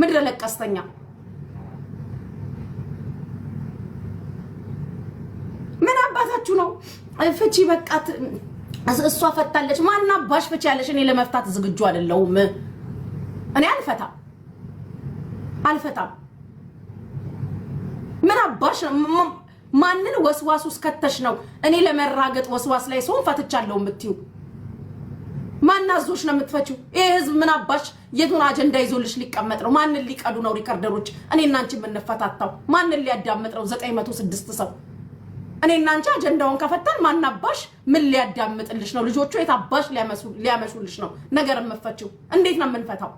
ምድረ ለቀስተኛ ምን አባታችሁ ነው? ፍቺ በቃት፣ እሷ ፈታለች። ማን አባሽ ፍቺ ያለሽ? እኔ ለመፍታት ዝግጁ አይደለሁም። እኔ አልፈታም አልፈታም። ምን አባሽ ማንን ወስዋስ ውስጥ ከተሽ ነው? እኔ ለመራገጥ ወስዋስ ላይ ሰውን ፈትቻለሁ የምትዩ ማናዞች ነው የምትፈችው? ይሄ ህዝብ ምን አባሽ የቱን አጀንዳ ይዞልሽ ሊቀመጥ ነው? ማንን ሊቀዱ ነው ሪከርደሮች? እኔ እናንቺ የምንፈታታው ማንን ሊያዳምጥ ነው? ዘጠኝ መቶ ስድስት ሰው እኔ እናንቺ አጀንዳውን ከፈታን አባሽ ምን ሊያዳምጥልሽ ነው? ልጆቹ አባሽ ሊያመሹልሽ ነው? ነገር የምፈችው እንዴት ነው የምንፈታው?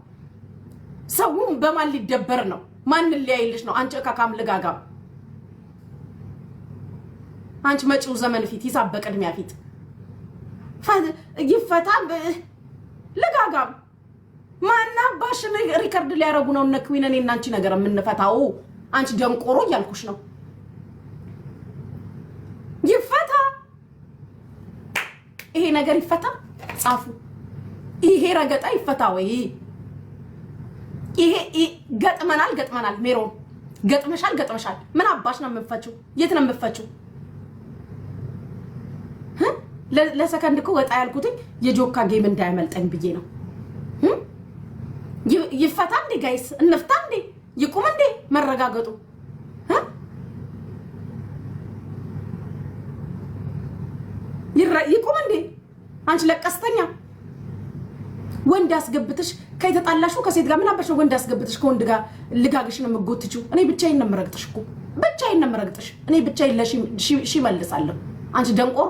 ሰውም በማን ሊደበር ነው? ማንን ሊያይልሽ ነው? አንቺ እካካም ልጋጋም፣ አንቺ መጪው ዘመን ፊት ሂሳብ በቅድሚያ ፊት ይፈታ ልጋጋም ማናባሽ ሪከርድ ሊያረጉ ነው እነ ክዊን እኔ እና አንቺ ነገር የምንፈታው አንቺ ደንቆሮ እያልኩሽ ነው ይፈታ ይሄ ነገር ይፈታ ጻፉ ይሄ ረገጣ ይፈታ ወይ ይሄ ገጥመናል ገጥመናል ሜሮን ገጥመሻል ገጥመሻል ምን አባሽ ነው የምፈችው የት ነው የምፈችው ለሰከንድ እኮ ወጣ ያልኩትኝ የጆካ ጌም እንዳያመልጠኝ ብዬ ነው። ይፈታ እንዴ ጋይስ? እንፍታ እንዴ? ይቁም እንዴ መረጋገጡ? ይቁም እንዴ? አንቺ ለቀስተኛ ወንድ አስገብትሽ ከተጣላሽው ከሴት ጋር ምን አባሽ ነው? ወንድ አስገብትሽ ከወንድ ጋር ልጋግሽ ነው የምጎትችው? እኔ ብቻዬን ነው የምረግጥሽ እኮ ብቻዬን ነው የምረግጥሽ። እኔ ብቻዬን ለሺ መልሳለሁ። አንቺ ደንቆሮ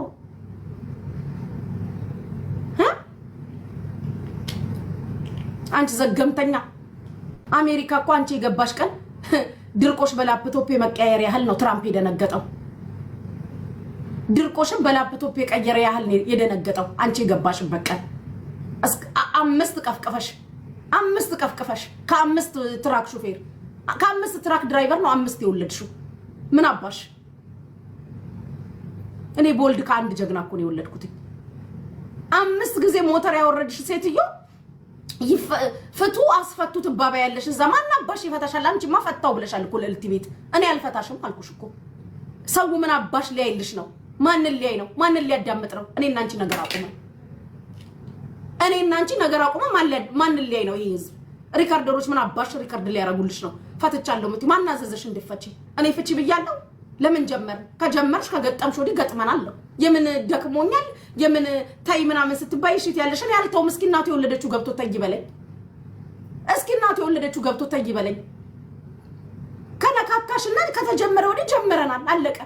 አንቺ ዘገምተኛ አሜሪካ እኮ አንቺ የገባሽ ቀን ድርቆሽ በላፕቶፕ መቀየር ያህል ነው ትራምፕ የደነገጠው። ድርቆሽን በላፕቶፕ የቀየረ ያህል የደነገጠው አንቺ የገባሽበት ቀን አምስት ቀፍቅፈሽ አምስት ቀፍቅፈሽ ከአምስት ትራክ ሹፌር ከአምስት ትራክ ድራይቨር ነው አምስት የወለድሽው። ምን አባሽ እኔ በወልድ ከአንድ ጀግና እኮ ነው የወለድኩትኝ። አምስት ጊዜ ሞተር ያወረድሽ ሴትዮ ፍቱ አስፈቱ ያለሽ እዛ ማን አባሽ ይፈታሻል? አንቺማ ፈታው ብለሻል እኮ ለእልቲ ቤት። እኔ አልፈታሽም አልኩሽ እኮ። ሰው ምን አባሽ ሊያይልሽ ነው? ማንን ሊያይ ነው? ማንን ሊያዳምጥ ነው? እኔ እናንቺ ነገር አቁመ እኔ እናንቺ ነገር አቁመን ማንን ሊያይ ነው ይሄ ህዝብ? ሪከርደሮች ምን አባሽ ሪከርድ ሊያረጉልሽ ነው? ፈትቻለሁ የምትይው ማናዘዘሽ እንድፈቺ? እኔ ፍቺ ብያለሁ። ለምን ጀመር? ከጀመርሽ ከገጠምሽ ወዲህ ገጥመናል። የምን ደክሞኛል፣ የምን ተይ ምናምን ስትባይ እሺት ያለሽን ያልተውም። እስኪ እናቱ የወለደችው ገብቶ ተይ በለኝ። እስኪ እናቱ የወለደችው ገብቶ ተይ በለኝ። ከነካካሽና ከተጀመረ ወዲህ ጀምረናል፣ አለቀ።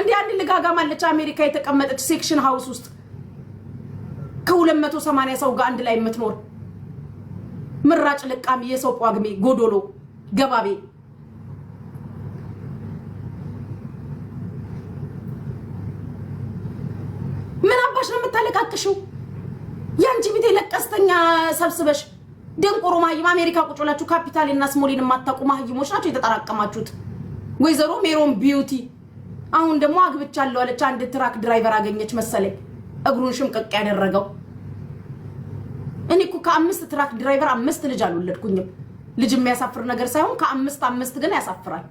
እንዲህ አንድ ልጋጋም አለች አሜሪካ የተቀመጠች ሴክሽን ሃውስ ውስጥ ከ280 ሰው ጋር አንድ ላይ የምትኖር ምራጭ ልቃሚ፣ የሰው ጳጉሜ፣ ጎዶሎ ገባቤ ምን አባሽ ነው የምታለቃቅሽው? የአንቺ ቢጤ የለቀስተኛ ሰብስበሽ ደንቆሮ ማህይም አሜሪካ ቁጭ ብላችሁ ካፒታልና ስሞሊን የማታውቁ ማህይሞች ናቸው የተጠራቀማችሁት። ወይዘሮ ሜሮን ቢዩቲ አሁን ደግሞ አግብቻለሁ አለች። አንድ ትራክ ድራይቨር አገኘች መሰለኝ እግሩን ሽምቅቅ ያደረገው እኔ እኮ ከአምስት ትራክ ድራይቨር አምስት ልጅ አልወለድኩኝም። ልጅ የሚያሳፍር ነገር ሳይሆን ከአምስት አምስት ግን ያሳፍራል።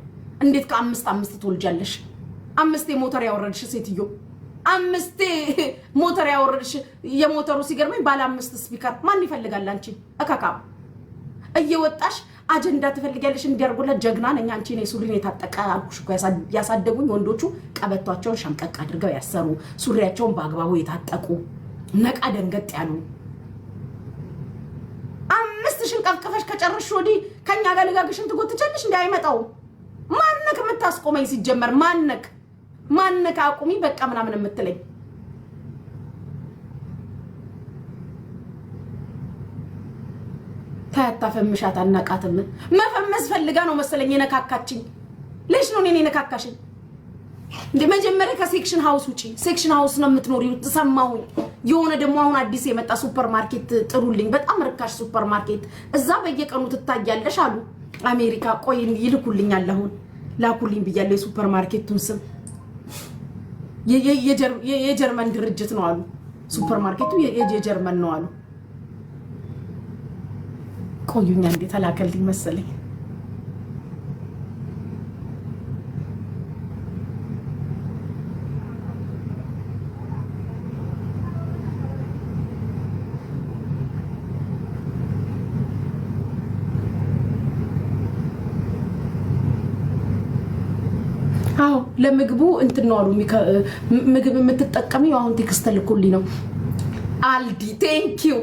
እንዴት ከአምስት አምስት ትወልጃለሽ? አምስቴ ሞተር ያወረድሽ ሴትዮ፣ አምስቴ ሞተር ያወረድሽ። የሞተሩ ሲገርመኝ ባለ አምስት ስፒከር ማን ይፈልጋል? አንቺ እካካ እየወጣሽ አጀንዳ ትፈልጊያለሽ። እንዲያርጎላት ጀግና ነኝ። አንቺ ነ ሱሪን የታጠቀ አልኩሽ እኮ ያሳደጉኝ ወንዶቹ ቀበቷቸውን ሸምቀቅ አድርገው ያሰሩ፣ ሱሪያቸውን በአግባቡ የታጠቁ ነቃ ደንገጥ ያሉ ልጅሽን ቀፍቅፈሽ ከጨርሽ ወዲህ ከኛ ጋር ልጋግሽን ትጎትቻለሽ። እንዲ አይመጣውም። ማነክ የምታስቆመኝ? ሲጀመር ማነክ ማነክ አቁሚ በቃ ምናምን የምትለኝ ታያታፈምሻት አናቃትም። መፈመስ ፈልጋ ነው መሰለኝ የነካካችኝ። ልጅ ነው እኔን የነካካሽኝ እንደመጀመሪያ መጀመሪያ ከሴክሽን ሀውስ ውጪ ሴክሽን ሀውስ ነው የምትኖሪው። ሰማሁኝ። የሆነ ደግሞ አሁን አዲስ የመጣ ሱፐር ማርኬት ጥሩልኝ፣ በጣም ርካሽ ሱፐር ማርኬት እዛ በየቀኑ ትታያለሽ አሉ። አሜሪካ ቆይ ይልኩልኛል። አሁን ላኩልኝ ብያለሁ የሱፐር ማርኬቱን ስም። የጀርመን ድርጅት ነው አሉ። ሱፐር ማርኬቱ የጀርመን ነው አሉ። ቆዩኛ እንዴ ተላከልኝ መሰለኝ ለምግቡ እንትን ነው አሉ። ምግብ የምትጠቀሚ አሁን ቴክስት ተልኮልኝ ነው አልዲ ቴንኪዩ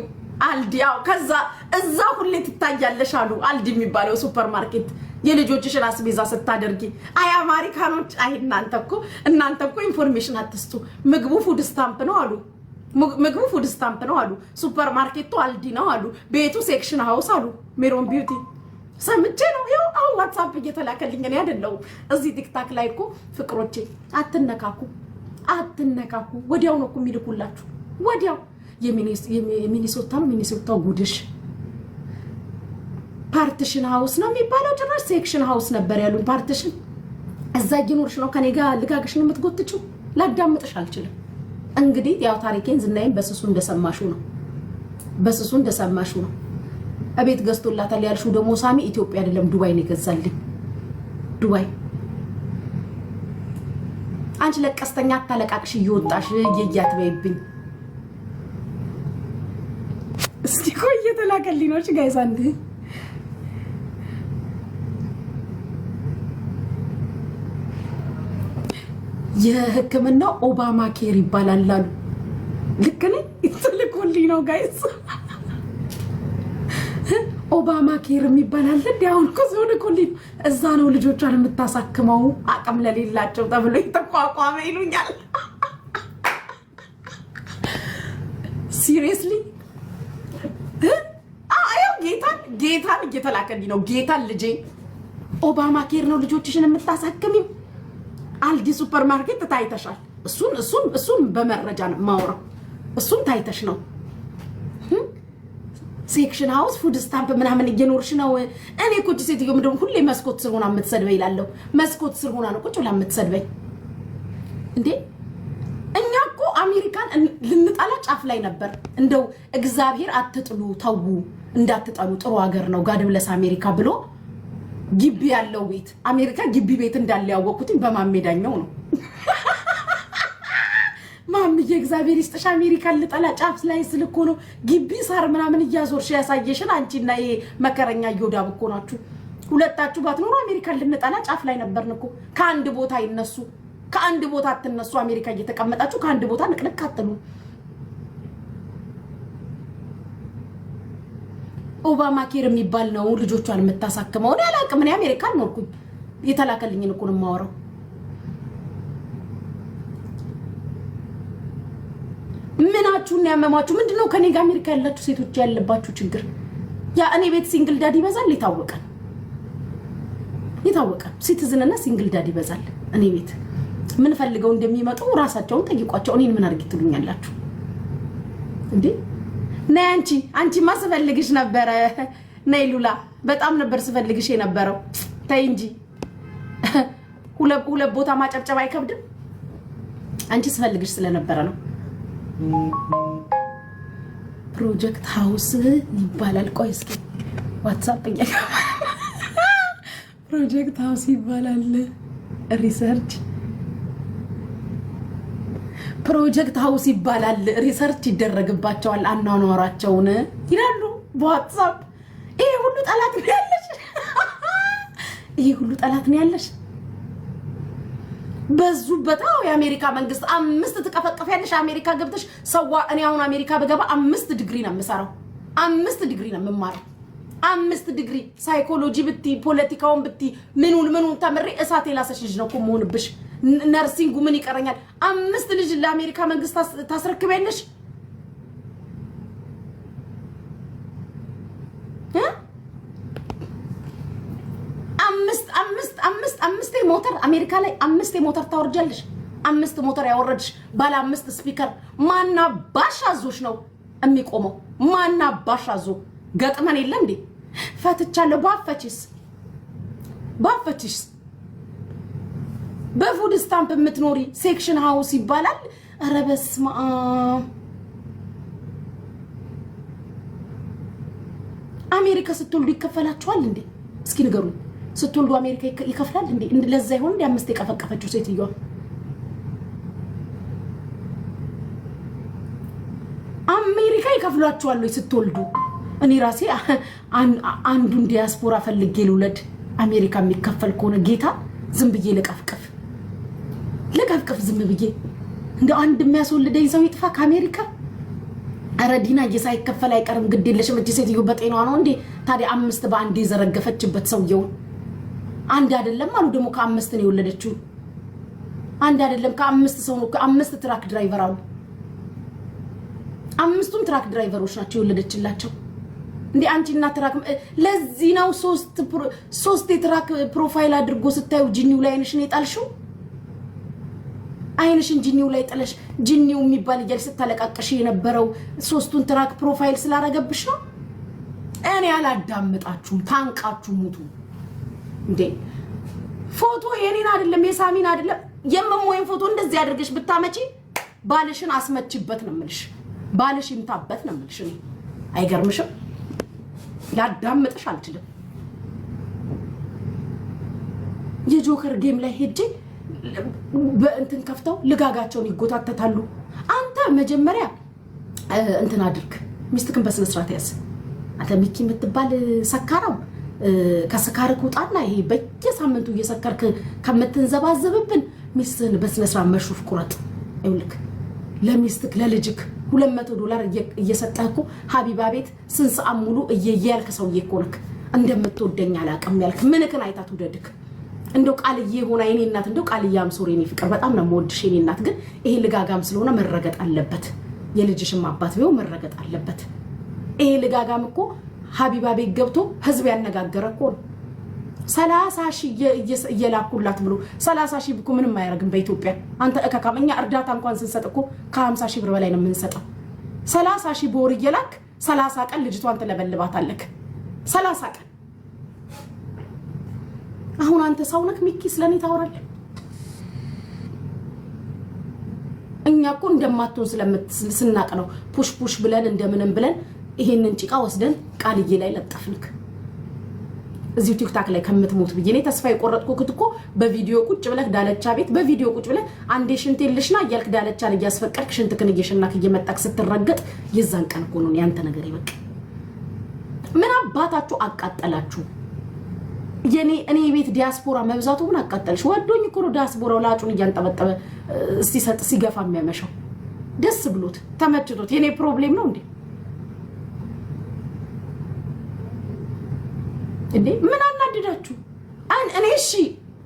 አልዲ ያው ከዛ እዛ ሁሌ ትታያለሽ አሉ። አልዲ የሚባለው ሱፐር ማርኬት የልጆችሽን አስቤዛ ስታደርጊ፣ አይ አማሪካኖች፣ አይ እናንተ እኮ እናንተ እኮ ኢንፎርሜሽን አትስጡ። ምግቡ ፉድ ስታምፕ ነው አሉ። ምግቡ ፉድ ስታምፕ ነው አሉ። ሱፐር ማርኬቱ አልዲ ነው አሉ። ቤቱ ሴክሽን ሀውስ አሉ። ሜሮን ቢዩቲ ሰምቼ ነው ዋትሳፕ እየተላከልኝ እኔ አይደለሁም። እዚህ ቲክታክ ላይ እኮ ፍቅሮቼ አትነካኩ፣ አትነካኩ። ወዲያው ነው እኮ የሚልኩላችሁ ወዲያው። የሚኒሶታም ሚኒሶታ ጉድሽ ፓርቲሽን ሀውስ ነው የሚባለው። ጭራሽ ሴክሽን ሀውስ ነበር ያሉን። ፓርቲሽን እዛ እየኖርሽ ነው ከኔ ጋር ልጋግሽን የምትጎትችው። ላዳምጥሽ አልችልም። እንግዲህ ያው ታሪኬን ዝናይን በስሱ እንደሰማሹ ነው፣ በስሱ እንደሰማሹ ነው። እቤት ገዝቶላታል ያልሽው ደግሞ ሳሚ ኢትዮጵያ አይደለም ዱባይ ነው የገዛልኝ። ዱባይ አንቺ ለቀስተኛ አታለቃቅሽ እየወጣሽ በይብኝ። እስኪ ቆይ እየተላከልኝ ነው ጋይስ አንድ የህክምና ኦባማ ኬር ይባላል አሉ። ልክ ነኝ። ትልኮልኝ ነው ጋይስ ኦባማ ኬር የሚባል አለ። እንዲ አሁን እኮ ሲሆን እዛ ነው ልጆቿን የምታሳክመው አቅም ለሌላቸው ተብሎ የተቋቋመ ይሉኛል። ሲሪየስሊ ጌታን ጌታን እየተላከልኝ ነው። ጌታን ልጄ ኦባማ ኬር ነው ልጆችሽን የምታሳክሚው። አልዲ ሱፐርማርኬት ታይተሻል። እሱን እሱን እሱን በመረጃ ነው የማወራው። እሱን ታይተሽ ነው ሴክሽን ሀውስ ፉድ ስታምፕ ምናምን እየኖርሽ ነው። እኔ እኮ ሴትዮ ምንድን ሁሌ መስኮት ስር ሆና የምትሰድበኝ ይላለሁ። መስኮት ስር ሆና ነው ቁጭ ብላ የምትሰድበኝ እንዴ። እኛ እኮ አሜሪካን ልንጣላ ጫፍ ላይ ነበር። እንደው እግዚአብሔር አትጥሉ፣ ተዉ፣ እንዳትጠሉ፣ ጥሩ ሀገር ነው ጋድ ብለስ አሜሪካ ብሎ ግቢ ያለው ቤት አሜሪካ ግቢ ቤት እንዳለ ያወቅኩትኝ በማሜዳኛው ነው ማምዬ እግዚአብሔር ይስጥሽ። አሜሪካን ልጠላ ጫፍ ላይ ስልኮ ነው ግቢ ሳር ምናምን እያዞርሽ ያሳየሽን አንቺና ይሄ መከረኛ እዮዳብ እኮ ናችሁ። ሁለታችሁ ባትኖሩ አሜሪካን ልንጠላ ጫፍ ላይ ነበርን እኮ። ከአንድ ቦታ ይነሱ፣ ከአንድ ቦታ አትነሱ። አሜሪካ እየተቀመጣችሁ ከአንድ ቦታ ንቅንቅ አትሉ። ኦባማ ኬር የሚባል ነው ልጆቿን የምታሳክመው። እኔ አላውቅም። እኔ አሜሪካ አልኖርኩኝ። የተላከልኝን እኮ ነው የማወራው። ያማችሁና ያመማችሁ ምንድነው? ከኔ ጋር አሜሪካ ያላችሁ ሴቶች ያለባችሁ ችግር ያ እኔ ቤት ሲንግል ዳድ ይበዛል። የታወቀ የታወቀ ሲቲዝንና ሲንግል ዳድ ይበዛል። እኔ ቤት ምን ፈልገው እንደሚመጡ ራሳቸውን ጠይቋቸው። እኔን ምን አድርጌ ትሉኛላችሁ እንዴ? ነይ አንቺ አንቺማ ስፈልግሽ ነበረ። ነይ ሉላ፣ በጣም ነበር ስፈልግሽ የነበረው። ተይ እንጂ ሁለት ቦታ ማጨብጨብ አይከብድም። አንቺ ስፈልግሽ ስለነበረ ነው። ፕሮጀክት ሀውስ ይባላል። ቆይ እስኪ ዋትሳፕ ፕሮጀክት ሀውስ ይባላል። ሪሰርች ፕሮጀክት ሀውስ ይባላል። ሪሰርች ይደረግባቸዋል አኗኗራቸውን ይላሉ በዋትሳፕ። ይሄ ሁሉ ጠላት ነው ያለሽ፣ ይሄ ሁሉ ጠላት ነው ያለሽ። በዙበታ የአሜሪካ መንግስት አምስት ያለሽ አሜሪካ ገብተሽ ሰዋ እኔ አሁን አሜሪካ በገባ አምስት ዲግሪ ነው የምሰራው፣ አምስት ዲግሪ ነው የምማረው። አምስት ዲግሪ ሳይኮሎጂ ብቲ ፖለቲካውን ብቲ ምኑን ምኑን ተምሬ እሳት የላሰሽ ልጅ ነው እኮ መሆንብሽ። ነርሲንጉ ምን ይቀረኛል? አምስት ልጅ ለአሜሪካ መንግስት ታስረክቢያለሽ። ሞተር አሜሪካ ላይ አምስት ሞተር ታወርጃለሽ። አምስት ሞተር ያወረድሽ ባለ አምስት ስፒከር ማና ባሻ ዞሽ ነው የሚቆመው። ማና ባሻ ዞ ገጥመን የለ እንዴ? ፈትቻለሁ። ባፈችስ ባፈችስ በፉድ ስታምፕ የምትኖሪ ሴክሽን ሃውስ ይባላል። ኧረ በስመ አብ አሜሪካ ስትወልዱ ይከፈላችኋል እንዴ? እስኪ ንገሩኝ። ስትወልዱ አሜሪካ ይከፍላል እንዴ? ለዛ ይሆን እንዲ አምስት የቀፈቀፈችው ሴትዮዋ አሜሪካ ይከፍሏችኋል ወይ ስትወልዱ? እኔ ራሴ አንዱን ዲያስፖራ ፈልጌ ልውለድ። አሜሪካ የሚከፈል ከሆነ ጌታ ዝም ብዬ ልቀፍቅፍ ልቀፍቅፍ ዝም ብዬ እንደ አንድ የሚያስወልደኝ ሰው ይጥፋ ከአሜሪካ። ኧረ ዲናዬ ሳይከፈል አይቀርም። ግድ የለሽም። እጅ ሴትዮ በጤናዋ ነው እንዴ ታዲያ? አምስት በአንድ የዘረገፈችበት ሰውየውን አንድ አይደለም አሉ ደግሞ ከአምስት ነው የወለደችው። አንድ አይደለም ከአምስት ሰው ነው ከአምስት ትራክ ድራይቨር አሉ። አምስቱም ትራክ ድራይቨሮች ናቸው የወለደችላቸው። እንዴ አንቺ እና ትራክ ለዚህ ነው ሶስት ሶስት የትራክ ፕሮፋይል አድርጎ ስታዩ ጂኒው ላይ አይንሽን የጣልሽው አይንሽን ጂኒው ላይ ጥለሽ ጂኒው የሚባል እያልሽ ስታለቃቀሽ የነበረው ሶስቱን ትራክ ፕሮፋይል ስላረገብሽ ነው። እኔ አላዳምጣችሁም። ታንቃችሁ ሙቱ። እንዴ ፎቶ የኔን አይደለም የሳሚን አይደለም የምሞይን ፎቶ እንደዚህ አድርገሽ ብታመጪ ባልሽን አስመችበት ነው የምልሽ። ባልሽ ይምታበት ነው የምልሽ። እኔ አይገርምሽም? ላዳምጥሽ አልችልም። የጆከር ጌም ላይ ሄጄ በእንትን ከፍተው ልጋጋቸውን ይጎታተታሉ። አንተ መጀመሪያ እንትን አድርግ፣ ሚስትክን በስነስርዓት ያዝ። አንተ ሚኪ የምትባል ሰካራው ከስካርክ ውጣና ይሄ በየሳምንቱ እየሰከርክ ከምትንዘባዘብብን ሚስትህን በስነስርዓት መሹፍ ቁረጥ። ይኸውልህ ለሚስትክ ለልጅክ ሁለት መቶ ዶላር እየሰጠህ እኮ ሀቢባ ቤት ስንት ሰዓት ሙሉ እየየ ሰውዬ እኮ ነክ እንደምትወደኝ አላውቅም ያልክ ምንክን አይታት ውደድክ እንደው ቃልዬ ሆና የኔ እናት እንደው ቃልዬ አምሶር የኔ ፍቅር በጣም ነው የምወድሽ የኔ እናት፣ ግን ይሄ ልጋጋም ስለሆነ መረገጥ አለበት። የልጅሽም አባት ቢሆን መረገጥ አለበት። ይሄ ልጋጋም እኮ ሀቢባ ቤት ገብቶ ህዝብ ያነጋገረ እኮ ነው። ሰላሳ ሺህ እየላኩላት ብሎ ሰላሳ ሺህ እኮ ምንም አያደርግም። በኢትዮጵያ አንተ እከካም እኛ እርዳታ እንኳን ስንሰጥ እኮ ከሀምሳ ሺህ ብር በላይ ነው የምንሰጠው። ሰላሳ ሺ በወር እየላክ ሰላሳ ቀን ልጅቷን ትለበልባታለክ ሰላሳ ቀን አሁን አንተ ሰውነክ ሚኪ ስለኔ ታወራለህ። እኛ እኮ እንደማትሆን ስናቅ ነው ፑሽ ፑሽ ብለን እንደምንም ብለን ይሄንን ጭቃ ወስደን ቃልዬ ላይ ለጠፍንክ። እዚሁ ቲክታክ ላይ ከምትሞት ብዬ እኔ ተስፋ የቆረጥኩት እኮ በቪዲዮ ቁጭ ብለህ ዳለቻ ቤት በቪዲዮ ቁጭ ብለህ አንዴ ሽንት የልሽና እያልክ ዳለቻን እያስፈቀድክ ሽንትክን እየሸናክ እየመጣክ ስትረገጥ የዛን ቀን እኮ ነው ያንተ ነገር ይበቅ። ምን አባታችሁ አቃጠላችሁ? የኔ እኔ ቤት ዲያስፖራ መብዛቱ ምን አቃጠልሽ? ወዶኝ እኮ ነው ዲያስፖራው ላጩን እያንጠበጠበ ሲሰጥ ሲገፋ የሚያመሸው ደስ ብሎት ተመችቶት። የኔ ፕሮብሌም ነው እንዴ? እንዴ ምን አናድዳችሁ? እኔ እሺ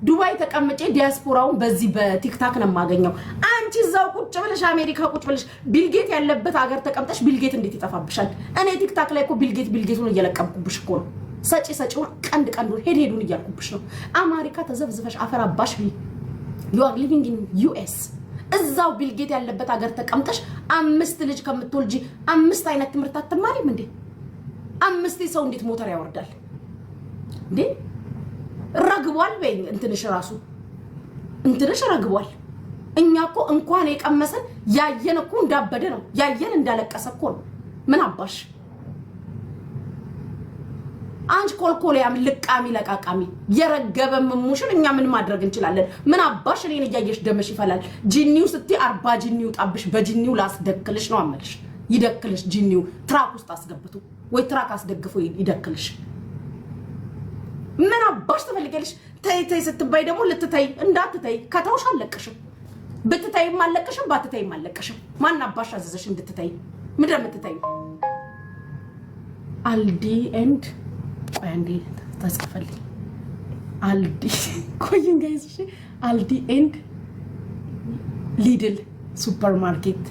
ዱባይ ተቀምጬ ዲያስፖራውን በዚህ በቲክታክ ነው የማገኘው። አንቺ እዛው ቁጭ ብለሽ አሜሪካ ቁጭ ብለሽ ቢልጌት ያለበት ሀገር ተቀምጠሽ ቢልጌት እንዴት ይጠፋብሻል? እኔ ቲክታክ ላይ እኮ ቢልጌት ቢልጌቱን እየለቀምኩብሽ እኮ ነው። ሰጪ ሰጪውን ቀንድ ቀንዱን ሄድ ሄዱን እያልኩብሽ ነው። አሜሪካ ተዘብዝፈሽ አፈር አባሽ ቢ ሊቪንግ ኢን ዩኤስ እዛው ቢልጌት ያለበት ሀገር ተቀምጠሽ አምስት ልጅ ከምትወልጂ አምስት አይነት ትምህርት አትማሪም እንዴ? አምስቴ ሰው እንዴት ሞተር ያወርዳል? እንዴ ረግቧል። በይ እንትንሽ ራሱ እንትንሽ ረግቧል። እኛ እኮ እንኳን የቀመሰን ያየን እኮ እንዳበደ ነው ያየን እንዳለቀሰ እኮ ነው። ምን አባሽ አንቺ ኮልኮልያም ልቃሚ ለቃቃሚ የረገበ ምሙሽን እኛ ምን ማድረግ እንችላለን? ምን አባሽ እኔን እያየሽ ደመሽ ይፈላል። ጂኒው ስትይ አርባ ጂኒው ጣብሽ በጂኒው ላስደክልሽ ነው አመልሽ። ይደክልሽ ጂኒው ትራክ ውስጥ አስገብቶ ወይ ትራክ አስደግፎ ይደክልሽ። ምን አባሽ ትፈልጊያለሽ? ተይ ተይ ስትባይ ደግሞ ልትተይ እንዳትተይ ከተውሽ አለቅሽም። ብትተይም አለቅሽም፣ ባትተይም አለቅሽም። ማን አባሽ አዘዘሽ እንድትተይ? ምንድን ነው አልዲ ኤንድ ቆይ አንዴ ተጽፈልኝ። አልዲ ቆይ እንጋይዝሽ አልዲ ኤንድ ሊድል ሱፐር ማርኬት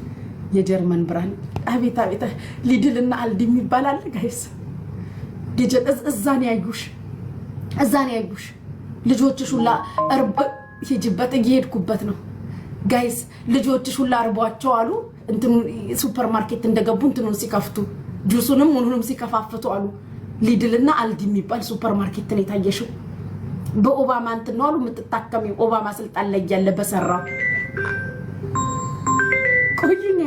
የጀርመን ብራንድ አቤት አቤት! ሊድል እና አልዲ የሚባል አለ ጋይስ። እዛ ያዩሽ እዛ ነው ያዩሽ ልጆችሽ ሁላ ሂጅበት እየሄድኩበት ነው ጋይስ ልጆችሽ ሁላ እርቧቸው አሉ ሱፐር ማርኬት እንደገቡ እንትኑን ሲከፍቱ ጁሱንም ሁሉንም ሲከፋፍቱ አሉ ሊድልና አልዲ የሚባል ሱፐር ማርኬት ነው የታየሽው በኦባማ እንትን ነው አሉ የምትታከሚ ኦባማ ስልጣን ላይ እያለ በሰራው ቆይኛ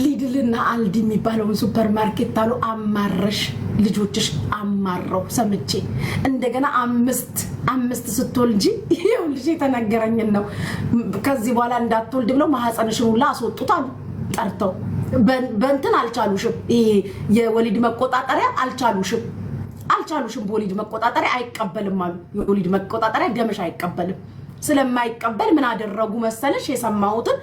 ሊድልና አልዲ የሚባለውን ሱፐር ማርኬት አሉ አማረሽ ልጆችሽ አማረው ሰምቼ እንደገና አምስት አምስት ስትወልጂ ይኸው ልጅ የተነገረኝን ነው። ከዚህ በኋላ እንዳትወልድ ብለው ማህፀንሽን ሁላ አስወጡት አሉ ጠርተው። በእንትን አልቻሉሽም፣ ይሄ የወሊድ መቆጣጠሪያ አልቻሉሽም አልቻሉሽም በወሊድ መቆጣጠሪያ አይቀበልም አሉ። የወሊድ መቆጣጠሪያ ደምሽ አይቀበልም። ስለማይቀበል ምን አደረጉ መሰለሽ የሰማሁትን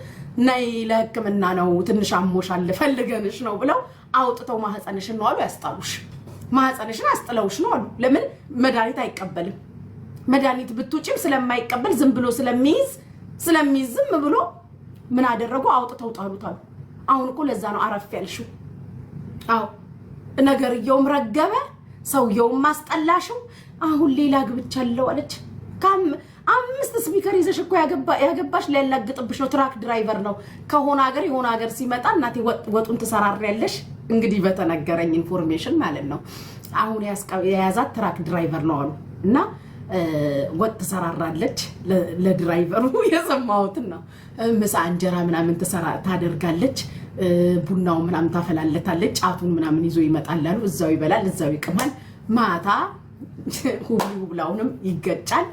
ነይ ለህክምና ነው ትንሽ አሞሻል ፈልገንሽ ነው ብለው አውጥተው ማህፀንሽን ነው አሉ ያስጣሉሽ። ማህፀንሽን አስጥለውሽ ነው አሉ። ለምን መድኃኒት አይቀበልም። መድኃኒት ብትውጪም ስለማይቀበል ዝም ብሎ ስለሚይዝ ስለሚይዝ ዝም ብሎ ምን አደረጉ? አውጥተው ጣሉት አሉ። አሁን እኮ ለዛ ነው አረፍ ያልሽው። አዎ ነገርየውም ረገበ፣ ሰውየውም አስጠላሽው። አሁን ሌላ ግብቻ አለው አለች። አምስት ስፒከር ይዘሽ እኮ ያገባሽ ሊያላግጥብሽ ነው። ትራክ ድራይቨር ነው ከሆነ ሀገር የሆነ ሀገር ሲመጣ እናቴ ወጡን ትሰራሪ ያለሽ እንግዲህ በተነገረኝ ኢንፎርሜሽን ማለት ነው። አሁን የያዛት ትራክ ድራይቨር ነው አሉ እና ወጥ ትሰራራለች ለድራይቨሩ የሰማሁትን ነው። ምሳ እንጀራ ምናምን ታደርጋለች፣ ቡናው ምናምን ታፈላለታለች፣ ጫቱን ምናምን ይዞ ይመጣል አሉ። እዛው ይበላል፣ እዛው ይቅማል። ማታ ሁብሊ ሁብላውንም ይገጫል።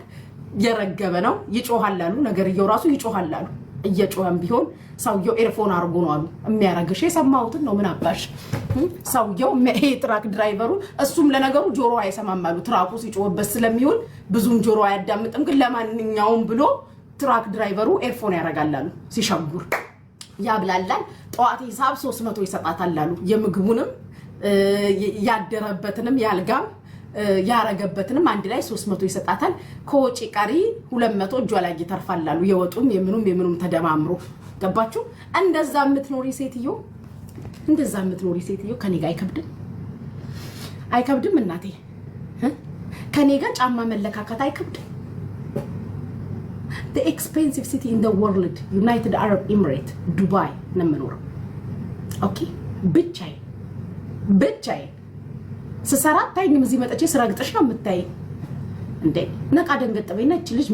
የረገበ ነው ይጮሃል አሉ። ነገርየው ራሱ ይጮሃል አሉ። እየጮኸም ቢሆን ሰውየው ኤርፎን አድርጎ ነው አሉ የሚያረግሽ። የሰማሁትን ነው ምን አባሽ። ሰውየው ይሄ ትራክ ድራይቨሩ እሱም ለነገሩ ጆሮ አይሰማም አሉ። ትራኩ ሲጮህበት ስለሚሆን ብዙም ጆሮ አያዳምጥም፣ ግን ለማንኛውም ብሎ ትራክ ድራይቨሩ ኤርፎን ያደርጋል አሉ። ሲሸጉር ያብላላል። ጠዋት ሂሳብ 300 መቶ ይሰጣታል አሉ። የምግቡንም ያደረበትንም ያልጋም ያረገበትንም አንድ ላይ 300 ይሰጣታል። ከወጪ ቀሪ 200 እጇ ላይ ይተርፋላሉ። የወጡም የምኑም የምኑም ተደማምሮ ገባችሁ። እንደዛ የምትኖሪ ሴትዮ እንደዛ የምትኖሪ ሴትዮ ከኔ ጋር አይከብድም አይከብድም እናቴ ከኔ ጋር ጫማ መለካከት አይከብድም። the expensive city in the world united arab emirate dubai ነው የምኖረው። ኦኬ ብቻዬ ብቻዬ ስሰራ አታይኝም። እዚህ መጠቼ ግጥሽ ነው የምታይ እንዴ? ነቃ ደንገጥ በይና ልጅ